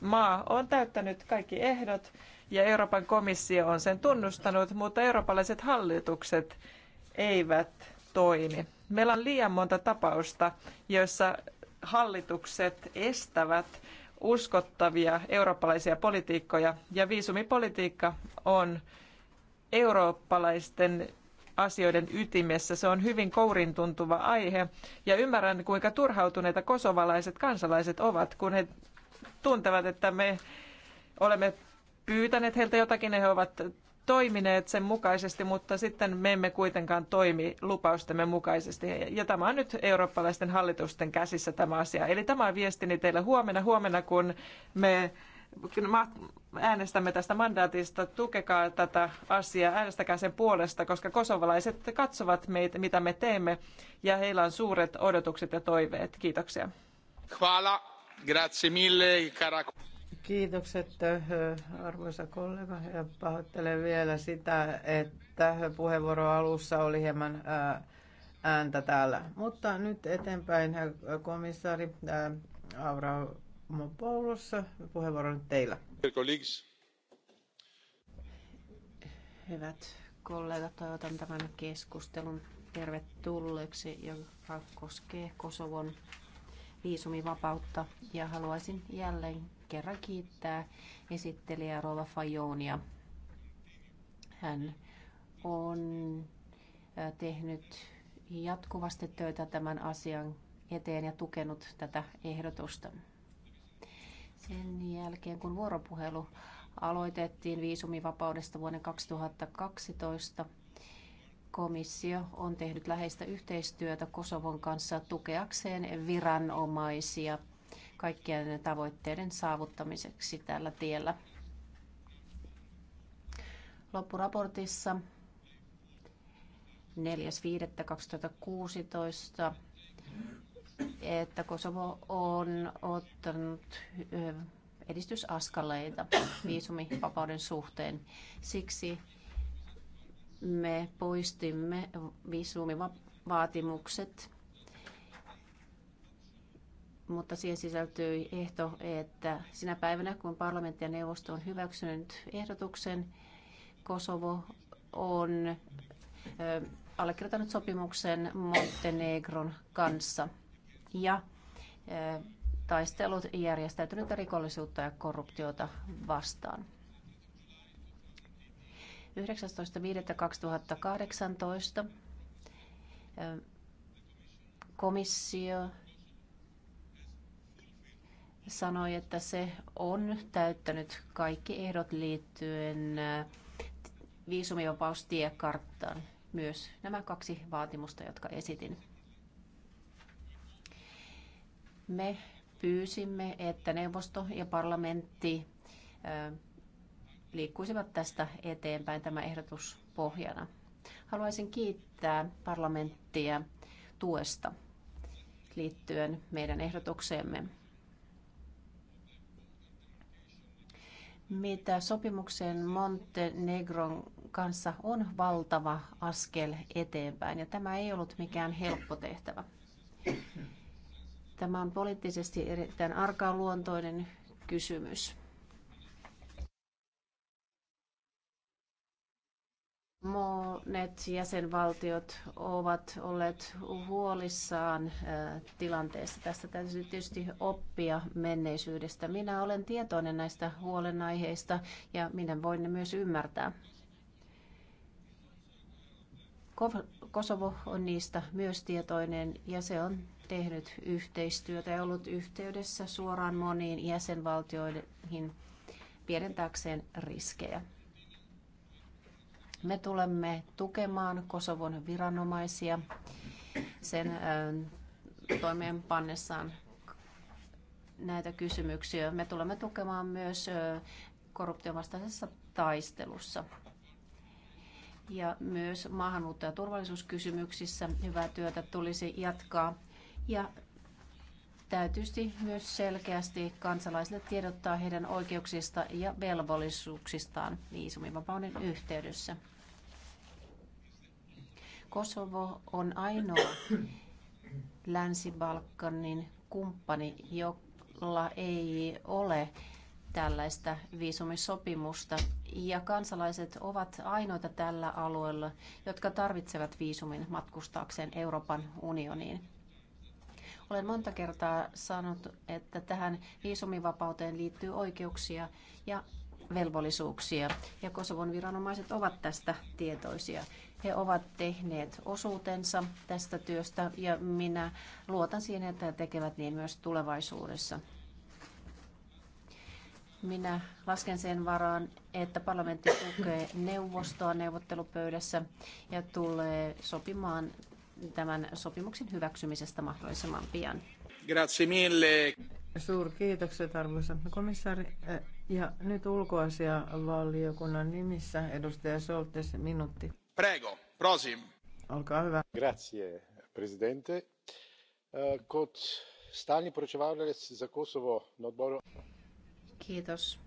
Maa on täyttänyt kaikki ehdot ja Euroopan komissio on sen tunnustanut, mutta eurooppalaiset hallitukset eivät toimi. Meillä on liian monta tapausta, joissa hallitukset estävät uskottavia eurooppalaisia politiikkoja ja viisumipolitiikka on eurooppalaisten asioiden ytimessä. Se on hyvin kourin tuntuva aihe ja ymmärrän kuinka turhautuneita kosovalaiset kansalaiset ovat, kun he tuntevat, että me olemme pyytäneet heiltä jotakin ja he ovat toimineet sen mukaisesti, mutta sitten me emme kuitenkaan toimi lupaustemme mukaisesti. Ja tämä on nyt eurooppalaisten hallitusten käsissä tämä asia. Eli tämä on viestini teille huomenna, huomenna kun me äänestämme tästä mandaatista, tukekaa tätä asiaa, äänestäkää sen puolesta, koska kosovalaiset katsovat meitä, mitä me teemme, ja heillä on suuret odotukset ja toiveet. Kiitoksia. Grazie mille, Kiitokset äh, arvoisa kollega ja pahoittelen vielä sitä, että puheenvuoro alussa oli hieman äh, ääntä täällä. Mutta nyt eteenpäin äh, komissaari Avramopoulos, puheenvuoro nyt teillä. Hyvät kollegat, toivotan tämän keskustelun tervetulleeksi, joka koskee Kosovon viisumivapautta ja haluaisin jälleen kerran kiittää esittelijä Rova Fajonia. Hän on tehnyt jatkuvasti töitä tämän asian eteen ja tukenut tätä ehdotusta. Sen jälkeen, kun vuoropuhelu aloitettiin viisumivapaudesta vuonna 2012, komissio on tehnyt läheistä yhteistyötä Kosovon kanssa tukeakseen viranomaisia – kaikkien tavoitteiden saavuttamiseksi tällä tiellä. Loppuraportissa 4.5.2016 että Kosovo on ottanut edistysaskaleita viisumivapauden suhteen. Siksi me poistimme viisumivaatimukset mutta siihen sisältyy ehto, että sinä päivänä, kun parlamentti ja neuvosto on hyväksynyt ehdotuksen, Kosovo on allekirjoittanut sopimuksen Montenegron kanssa ja taistelut järjestäytynyttä rikollisuutta ja korruptiota vastaan. 19.5.2018 komissio sanoi, että se on täyttänyt kaikki ehdot liittyen äh, viisumivapaustiekarttaan. Myös nämä kaksi vaatimusta, jotka esitin. Me pyysimme, että neuvosto ja parlamentti äh, liikkuisivat tästä eteenpäin tämä ehdotus pohjana. Haluaisin kiittää parlamenttia tuesta liittyen meidän ehdotukseemme. mitä sopimuksen Montenegron kanssa on valtava askel eteenpäin. Ja tämä ei ollut mikään helppo tehtävä. Tämä on poliittisesti erittäin arkaluontoinen kysymys. Monet jäsenvaltiot ovat olleet huolissaan äh, tilanteesta. Tästä täytyy tietysti oppia menneisyydestä. Minä olen tietoinen näistä huolenaiheista ja minä voin ne myös ymmärtää. Kosovo on niistä myös tietoinen ja se on tehnyt yhteistyötä ja ollut yhteydessä suoraan moniin jäsenvaltioihin pienentääkseen riskejä. Me tulemme tukemaan Kosovon viranomaisia sen toimeenpannessaan näitä kysymyksiä. Me tulemme tukemaan myös korruptiovastaisessa taistelussa. Ja myös maahanmuutto- ja turvallisuuskysymyksissä hyvää työtä tulisi jatkaa. Ja täytyisi myös selkeästi kansalaisille tiedottaa heidän oikeuksista ja velvollisuuksistaan viisumivapauden yhteydessä. Kosovo on ainoa Länsi-Balkanin kumppani, jolla ei ole tällaista viisumisopimusta. Ja kansalaiset ovat ainoita tällä alueella, jotka tarvitsevat viisumin matkustaakseen Euroopan unioniin. Olen monta kertaa sanonut, että tähän viisumivapauteen liittyy oikeuksia ja velvollisuuksia. Ja Kosovon viranomaiset ovat tästä tietoisia. He ovat tehneet osuutensa tästä työstä ja minä luotan siihen, että he tekevät niin myös tulevaisuudessa. Minä lasken sen varaan, että parlamentti tukee neuvostoa neuvottelupöydässä ja tulee sopimaan tämän sopimuksen hyväksymisestä mahdollisimman pian. Grazie mille. Suurkiitokset arvoisa komissaari ja nyt ulkoasiavaliokunnan nimissä edustaja Soltes, minuutti. Prego, prosim. Olkaa hyvä. Grazie, presidente. Eh, kot stani poročevalec za Kosovo nadboru. Kiitos.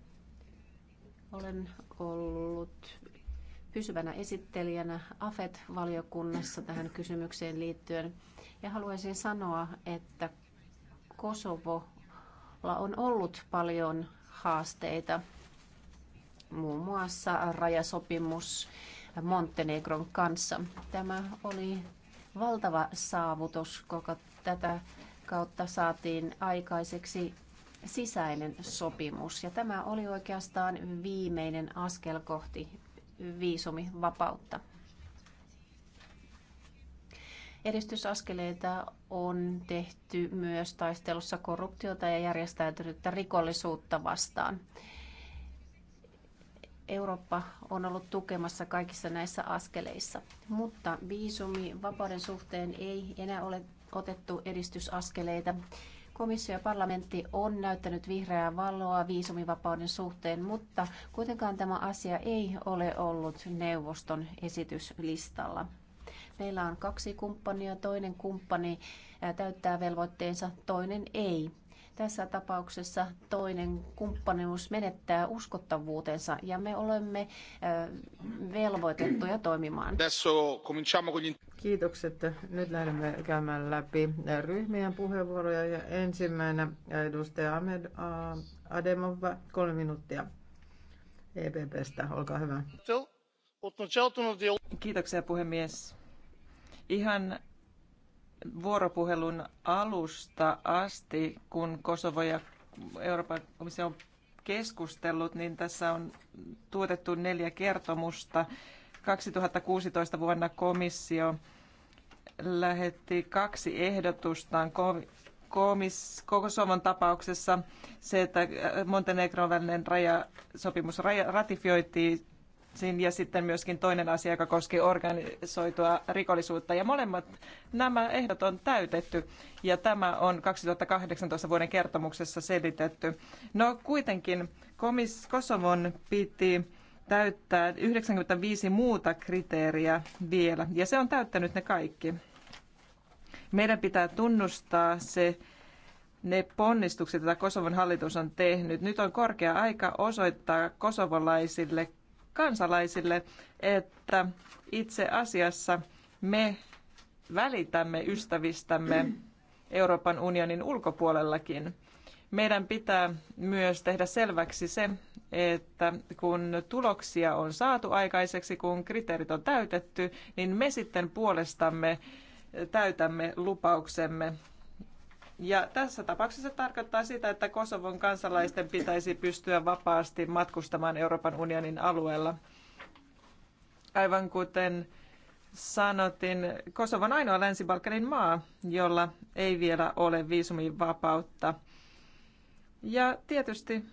Olen ollut pysyvänä esittelijänä AFET-valiokunnassa tähän kysymykseen liittyen. Ja haluaisin sanoa, että Kosovolla on ollut paljon haasteita. Muun muassa rajasopimus Montenegron kanssa. Tämä oli valtava saavutus, koska tätä kautta saatiin aikaiseksi sisäinen sopimus. Ja tämä oli oikeastaan viimeinen askel kohti viisumivapautta. Edistysaskeleita on tehty myös taistelussa korruptiota ja järjestäytynyttä rikollisuutta vastaan. Eurooppa on ollut tukemassa kaikissa näissä askeleissa, mutta viisumi vapauden suhteen ei enää ole otettu edistysaskeleita. Komissio ja parlamentti on näyttänyt vihreää valoa viisumivapauden suhteen, mutta kuitenkaan tämä asia ei ole ollut neuvoston esityslistalla meillä on kaksi kumppania, toinen kumppani täyttää velvoitteensa, toinen ei. Tässä tapauksessa toinen kumppanuus menettää uskottavuutensa ja me olemme velvoitettuja toimimaan. Kiitokset. Nyt lähdemme käymään läpi ryhmien puheenvuoroja. Ja ensimmäinen edustaja Ahmed Ademov, kolme minuuttia EPPstä. Olkaa hyvä. Kiitoksia puhemies. Ihan vuoropuhelun alusta asti, kun Kosovo ja Euroopan komissio on keskustellut, niin tässä on tuotettu neljä kertomusta. 2016 vuonna komissio lähetti kaksi ehdotustaan Kosovon tapauksessa se, että Montenegron välinen rajasopimus ratifioitiin ja sitten myöskin toinen asia, joka koski organisoitua rikollisuutta. Ja molemmat nämä ehdot on täytetty ja tämä on 2018 vuoden kertomuksessa selitetty. No kuitenkin komis Kosovon piti täyttää 95 muuta kriteeriä vielä ja se on täyttänyt ne kaikki. Meidän pitää tunnustaa se, ne ponnistukset, joita Kosovon hallitus on tehnyt. Nyt on korkea aika osoittaa kosovolaisille kansalaisille, että itse asiassa me välitämme ystävistämme Euroopan unionin ulkopuolellakin. Meidän pitää myös tehdä selväksi se, että kun tuloksia on saatu aikaiseksi, kun kriteerit on täytetty, niin me sitten puolestamme täytämme lupauksemme ja tässä tapauksessa se tarkoittaa sitä, että Kosovon kansalaisten pitäisi pystyä vapaasti matkustamaan Euroopan unionin alueella. Aivan kuten sanotin, Kosovo on ainoa Länsi-Balkanin maa, jolla ei vielä ole viisumivapautta. Ja tietysti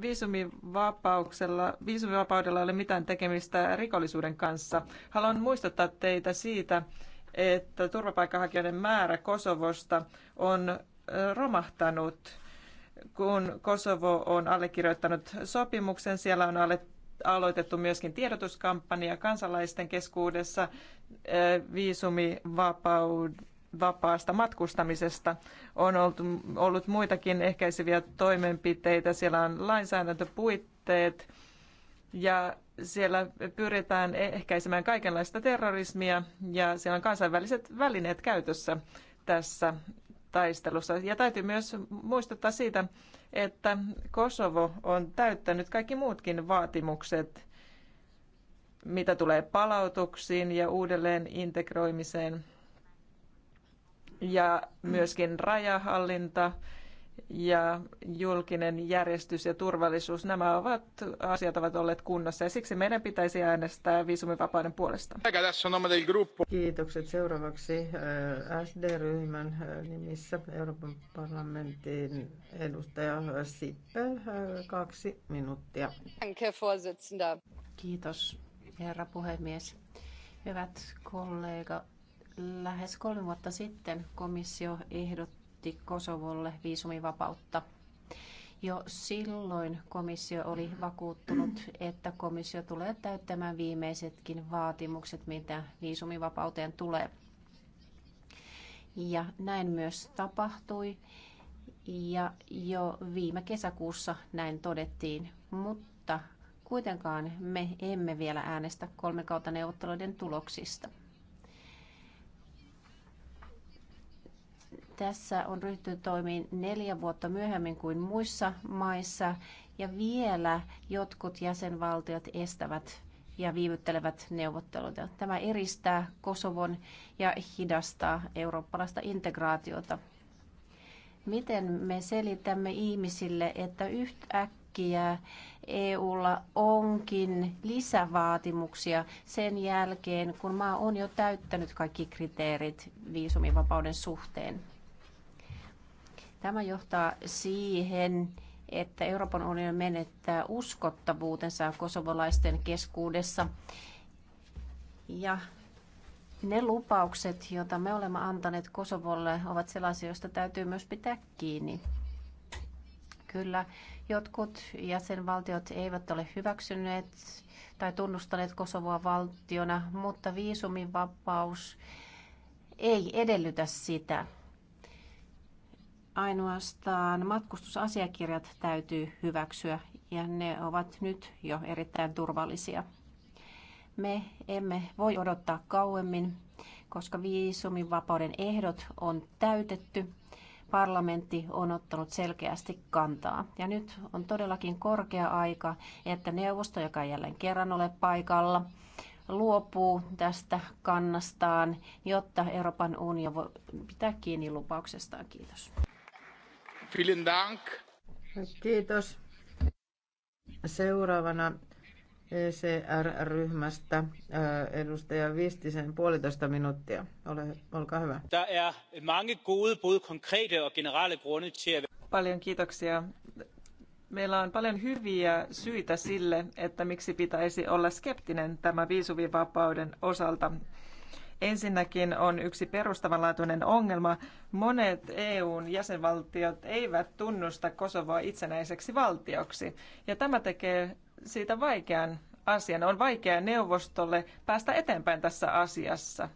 viisumivapauksella, viisumivapaudella ei ole mitään tekemistä rikollisuuden kanssa. Haluan muistuttaa teitä siitä, että turvapaikanhakijoiden määrä Kosovosta on romahtanut, kun Kosovo on allekirjoittanut sopimuksen. Siellä on aloitettu myöskin tiedotuskampanja kansalaisten keskuudessa viisumivapaasta matkustamisesta. On ollut, ollut muitakin ehkäiseviä toimenpiteitä. Siellä on lainsäädäntöpuitteet ja siellä pyritään e- ehkäisemään kaikenlaista terrorismia ja siellä on kansainväliset välineet käytössä tässä taistelussa. Ja täytyy myös muistuttaa siitä, että Kosovo on täyttänyt kaikki muutkin vaatimukset, mitä tulee palautuksiin ja uudelleen integroimiseen ja myöskin rajahallinta ja julkinen järjestys ja turvallisuus, nämä ovat, asiat ovat olleet kunnossa ja siksi meidän pitäisi äänestää viisumivapauden puolesta. Kiitokset. Seuraavaksi äh, SD-ryhmän äh, nimissä Euroopan parlamentin edustaja Sippel, äh, kaksi minuuttia. Kiitos, herra puhemies. Hyvät kollega, lähes kolme vuotta sitten komissio ehdotti ehdotti Kosovolle viisumivapautta. Jo silloin komissio oli vakuuttunut, että komissio tulee täyttämään viimeisetkin vaatimukset, mitä viisumivapauteen tulee. Ja näin myös tapahtui. Ja jo viime kesäkuussa näin todettiin, mutta kuitenkaan me emme vielä äänestä kolmikautta neuvotteluiden tuloksista. Tässä on ryhtynyt toimiin neljä vuotta myöhemmin kuin muissa maissa ja vielä jotkut jäsenvaltiot estävät ja viivyttelevät neuvotteluita. Tämä eristää Kosovon ja hidastaa eurooppalaista integraatiota. Miten me selitämme ihmisille, että yhtäkkiä EUlla onkin lisävaatimuksia sen jälkeen, kun maa on jo täyttänyt kaikki kriteerit viisumivapauden suhteen? Tämä johtaa siihen, että Euroopan unioni menettää uskottavuutensa kosovolaisten keskuudessa. Ja ne lupaukset, joita me olemme antaneet Kosovolle, ovat sellaisia, joista täytyy myös pitää kiinni. Kyllä jotkut jäsenvaltiot eivät ole hyväksyneet tai tunnustaneet Kosovoa valtiona, mutta viisumivapaus ei edellytä sitä ainoastaan matkustusasiakirjat täytyy hyväksyä ja ne ovat nyt jo erittäin turvallisia. Me emme voi odottaa kauemmin, koska viisumivapauden ehdot on täytetty. Parlamentti on ottanut selkeästi kantaa. Ja nyt on todellakin korkea aika, että neuvosto, joka ei jälleen kerran ole paikalla, luopuu tästä kannastaan, jotta Euroopan unioni voi pitää kiinni lupauksestaan. Kiitos. Kiitos. Seuraavana ECR-ryhmästä äh, edustaja Vistisen puolitoista minuuttia. Ole, olkaa hyvä. Er paljon kiitoksia. Meillä on paljon hyviä syitä sille, että miksi pitäisi olla skeptinen tämä viisuvivapauden osalta. Ensinnäkin on yksi perustavanlaatuinen ongelma. Monet EUn jäsenvaltiot eivät tunnusta Kosovoa itsenäiseksi valtioksi. Ja tämä tekee siitä vaikean asian. On vaikea neuvostolle päästä eteenpäin tässä asiassa.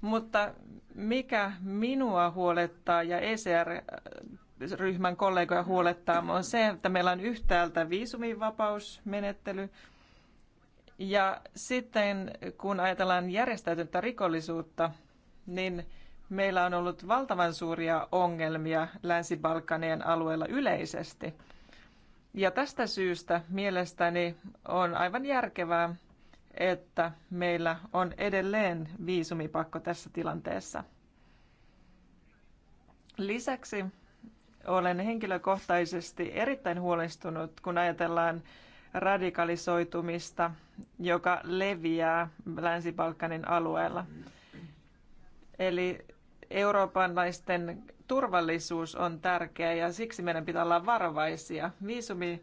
Mutta mikä minua huolettaa ja ECR-ryhmän kollegoja huolettaa on se, että meillä on yhtäältä viisumivapausmenettely – ja sitten kun ajatellaan järjestäytyntä rikollisuutta, niin meillä on ollut valtavan suuria ongelmia Länsi-Balkanien alueella yleisesti. Ja tästä syystä mielestäni on aivan järkevää, että meillä on edelleen viisumipakko tässä tilanteessa. Lisäksi olen henkilökohtaisesti erittäin huolestunut, kun ajatellaan radikalisoitumista, joka leviää Länsi-Balkanin alueella. Eli eurooppalaisten turvallisuus on tärkeä ja siksi meidän pitää olla varovaisia. Viisumi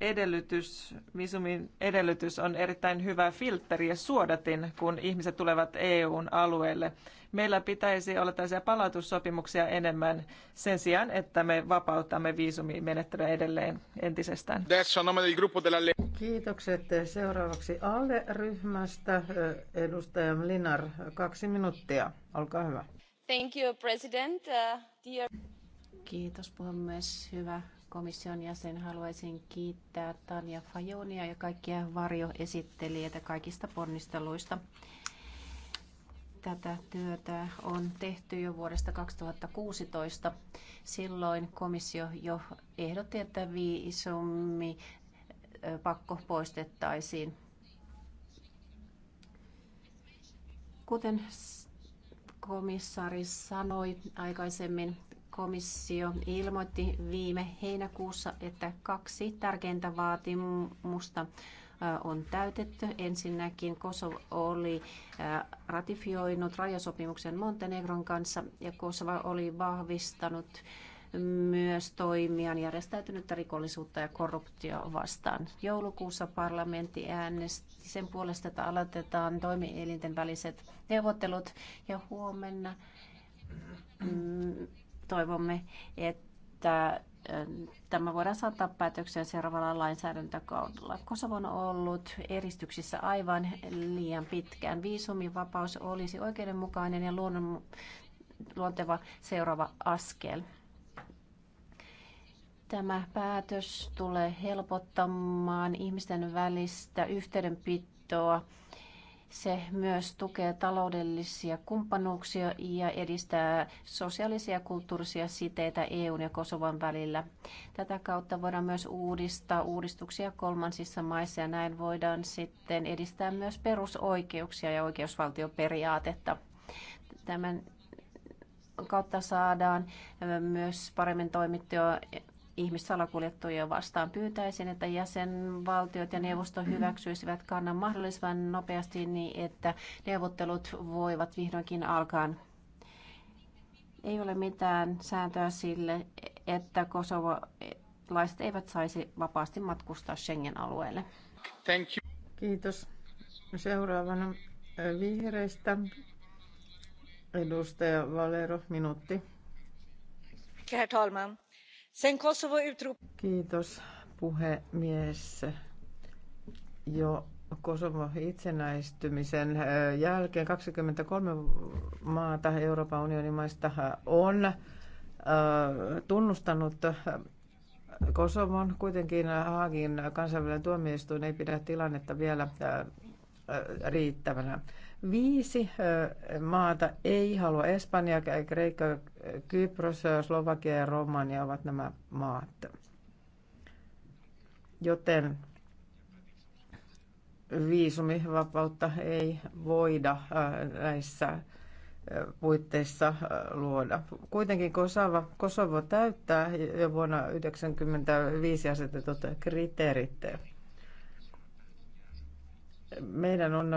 edellytys, visumin edellytys on erittäin hyvä filtteri ja suodatin, kun ihmiset tulevat EUn alueelle. Meillä pitäisi olla tällaisia palautussopimuksia enemmän sen sijaan, että me vapautamme viisumimenettelyä edelleen entisestään. Kiitokset. Seuraavaksi alle ryhmästä edustaja Linar. Kaksi minuuttia. Olkaa hyvä. Thank you, President. Uh, dear... Kiitos puhemies. Hyvä komission jäsen, haluaisin kiittää Tanja Fajonia ja kaikkia varjoesittelijöitä kaikista ponnisteluista. Tätä työtä on tehty jo vuodesta 2016. Silloin komissio jo ehdotti, että viisumi pakko poistettaisiin. Kuten komissaari sanoi aikaisemmin, komissio ilmoitti viime heinäkuussa, että kaksi tärkeintä vaatimusta on täytetty. Ensinnäkin Kosovo oli ratifioinut rajasopimuksen Montenegron kanssa ja Kosovo oli vahvistanut myös toimiaan järjestäytynyttä rikollisuutta ja korruptio vastaan. Joulukuussa parlamentti äänesti sen puolesta, että aloitetaan toimielinten väliset neuvottelut ja huomenna mm, toivomme, että tämä voidaan saattaa päätökseen seuraavalla lainsäädäntökaudella. Kosovo on ollut eristyksissä aivan liian pitkään. Viisumivapaus olisi oikeudenmukainen ja luonnon, luonteva seuraava askel. Tämä päätös tulee helpottamaan ihmisten välistä yhteydenpitoa se myös tukee taloudellisia kumppanuuksia ja edistää sosiaalisia ja kulttuurisia siteitä EUn ja Kosovan välillä. Tätä kautta voidaan myös uudistaa uudistuksia kolmansissa maissa ja näin voidaan sitten edistää myös perusoikeuksia ja oikeusvaltioperiaatetta. Tämän kautta saadaan myös paremmin toimittua ihmissalakuljettajia vastaan. Pyytäisin, että jäsenvaltiot ja neuvosto hyväksyisivät kannan mahdollisimman nopeasti niin, että neuvottelut voivat vihdoinkin alkaa. Ei ole mitään sääntöä sille, että kosovolaiset eivät saisi vapaasti matkustaa Schengen-alueelle. Thank you. Kiitos. Seuraavana vihreistä edustaja Valero, minuutti. Herr talman. Sen Kosovo Kiitos puhemies. Jo Kosovon itsenäistymisen jälkeen 23 maata Euroopan unionin maista on tunnustanut Kosovon. Kuitenkin Haagin kansainvälinen tuomioistuin ei pidä tilannetta vielä riittävänä. Viisi maata ei halua. Espanja, Kreikka, Kypros, Slovakia ja Romania ovat nämä maat. Joten viisumivapautta ei voida näissä puitteissa luoda. Kuitenkin Kosovo, Kosovo täyttää jo vuonna 1995 asetetut kriteerit meidän on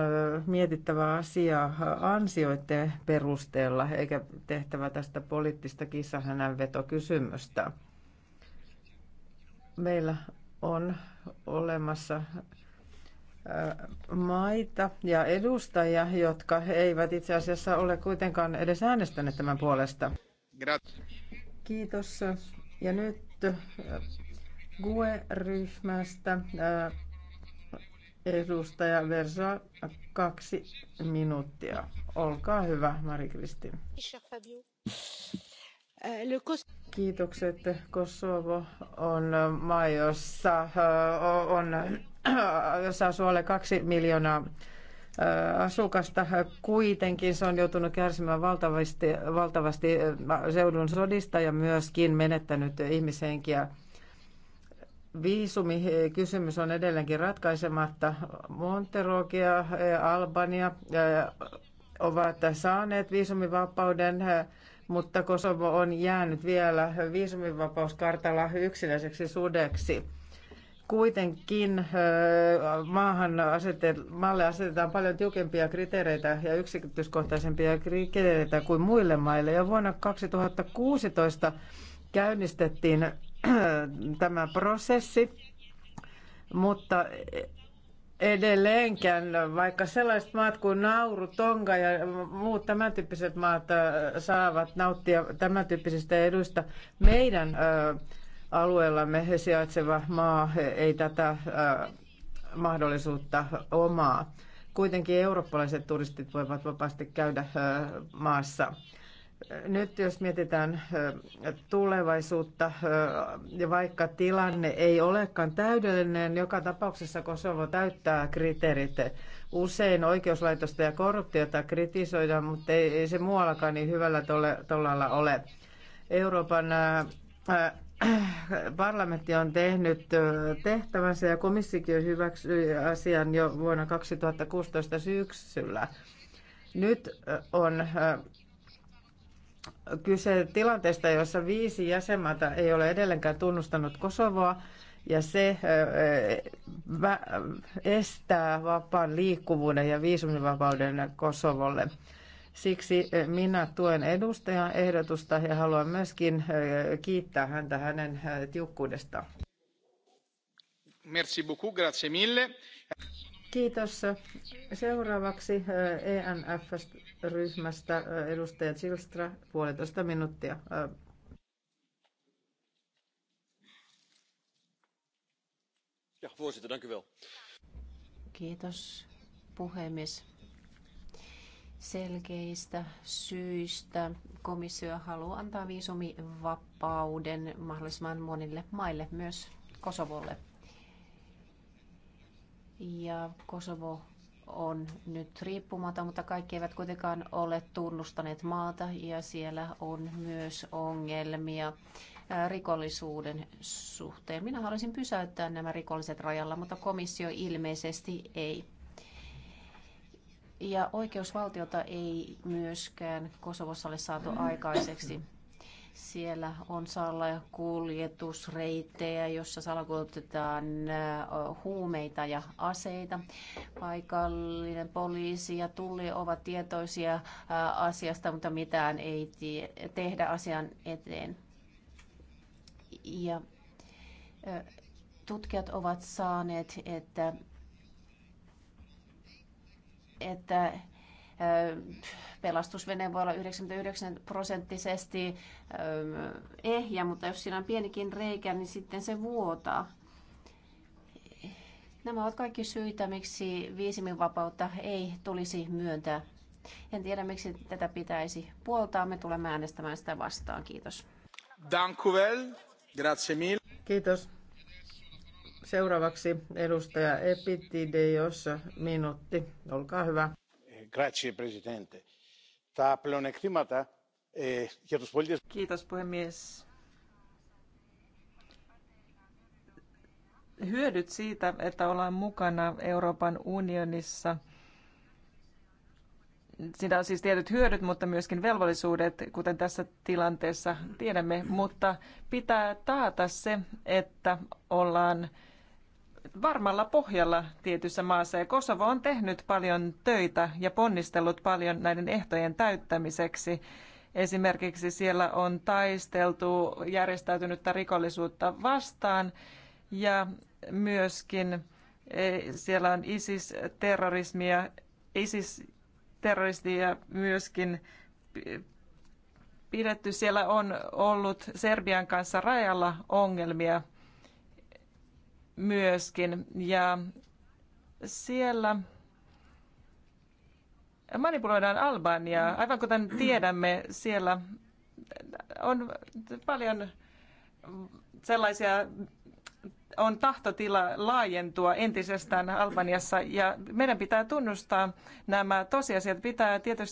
mietittävä asia ansioiden perusteella, eikä tehtävä tästä poliittista kissahänänvetokysymystä. Meillä on olemassa maita ja edustajia, jotka eivät itse asiassa ole kuitenkaan edes äänestäneet tämän puolesta. Kiitos. Ja nyt GUE-ryhmästä Edustaja Versa, kaksi minuuttia. Olkaa hyvä, mari Kristin. Kiitokset. Kosovo on maa, jossa, on, jossa asuu alle kaksi miljoonaa asukasta. Kuitenkin se on joutunut kärsimään valtavasti, valtavasti seudun sodista ja myöskin menettänyt ihmishenkiä Viisumikysymys on edelleenkin ratkaisematta. Monterogia, Albania ovat saaneet viisumivapauden, mutta Kosovo on jäänyt vielä viisumivapauskartalla yksinäiseksi sudeksi. Kuitenkin maahan asetet, maalle asetetaan paljon tiukempia kriteereitä ja yksityiskohtaisempia kriteereitä kuin muille maille. Ja vuonna 2016 käynnistettiin *clears throat* tämä prosessi, mutta edelleenkään, vaikka sellaiset maat kuin Nauru, Tonga ja muut tämän tyyppiset maat äh, saavat nauttia tämän tyyppisistä eduista, meidän äh, alueellamme he sijaitseva maa ei tätä äh, mahdollisuutta omaa. Kuitenkin eurooppalaiset turistit voivat vapaasti käydä maassa nyt jos mietitään tulevaisuutta, ja vaikka tilanne ei olekaan täydellinen, joka tapauksessa Kosovo täyttää kriteerit. Usein oikeuslaitosta ja korruptiota kritisoidaan, mutta ei, ei se muuallakaan niin hyvällä tolalla ole. Euroopan parlamentti on tehnyt tehtävänsä ja komissikin hyväksyi asian jo vuonna 2016 syksyllä. Nyt on kyse tilanteesta, jossa viisi jäsenmaata ei ole edelleenkään tunnustanut Kosovoa, ja se estää vapaan liikkuvuuden ja viisumivapauden Kosovolle. Siksi minä tuen edustajan ehdotusta ja haluan myöskin kiittää häntä hänen tiukkuudestaan. Merci beaucoup, grazie mille. Kiitos. Seuraavaksi ENF ryhmästä edustaja Silstra, puolitoista minuuttia. Ja, voisitte, dank wel. Kiitos, puhemies. Selkeistä syistä komissio haluaa antaa viisumivapauden mahdollisimman monille maille, myös Kosovolle. Ja Kosovo on nyt riippumaton, mutta kaikki eivät kuitenkaan ole tunnustaneet maata ja siellä on myös ongelmia rikollisuuden suhteen. Minä haluaisin pysäyttää nämä rikolliset rajalla, mutta komissio ilmeisesti ei. Ja oikeusvaltiota ei myöskään Kosovossa ole saatu aikaiseksi. Siellä on salakuljetusreittejä, jossa salakuljetetaan huumeita ja aseita. Paikallinen poliisi ja tulli ovat tietoisia asiasta, mutta mitään ei tehdä asian eteen. Ja tutkijat ovat saaneet, että, että pelastusvene voi olla 99 prosenttisesti ehjä, mutta jos siinä on pienikin reikä, niin sitten se vuotaa. Nämä ovat kaikki syitä, miksi vapautta ei tulisi myöntää. En tiedä, miksi tätä pitäisi puoltaa. Me tulemme äänestämään sitä vastaan. Kiitos. Dankuvel. Grazie mille. Kiitos. Seuraavaksi edustaja Epitideios, minuutti. Olkaa hyvä. Grazie, presidente. Kiitos puhemies. Hyödyt siitä, että ollaan mukana Euroopan unionissa, siinä on siis tietyt hyödyt, mutta myöskin velvollisuudet, kuten tässä tilanteessa tiedämme, mutta pitää taata se, että ollaan varmalla pohjalla tietyssä maassa ja Kosovo on tehnyt paljon töitä ja ponnistellut paljon näiden ehtojen täyttämiseksi. Esimerkiksi siellä on taisteltu järjestäytynyttä rikollisuutta vastaan ja myöskin eh, siellä on ISIS-terrorismia, ISIS-terroristia myöskin eh, pidetty. Siellä on ollut Serbian kanssa rajalla ongelmia myöskin. Ja siellä manipuloidaan Albaniaa. Aivan kuten tiedämme, siellä on paljon sellaisia on tahtotila laajentua entisestään Albaniassa ja meidän pitää tunnustaa nämä tosiasiat. Pitää tietysti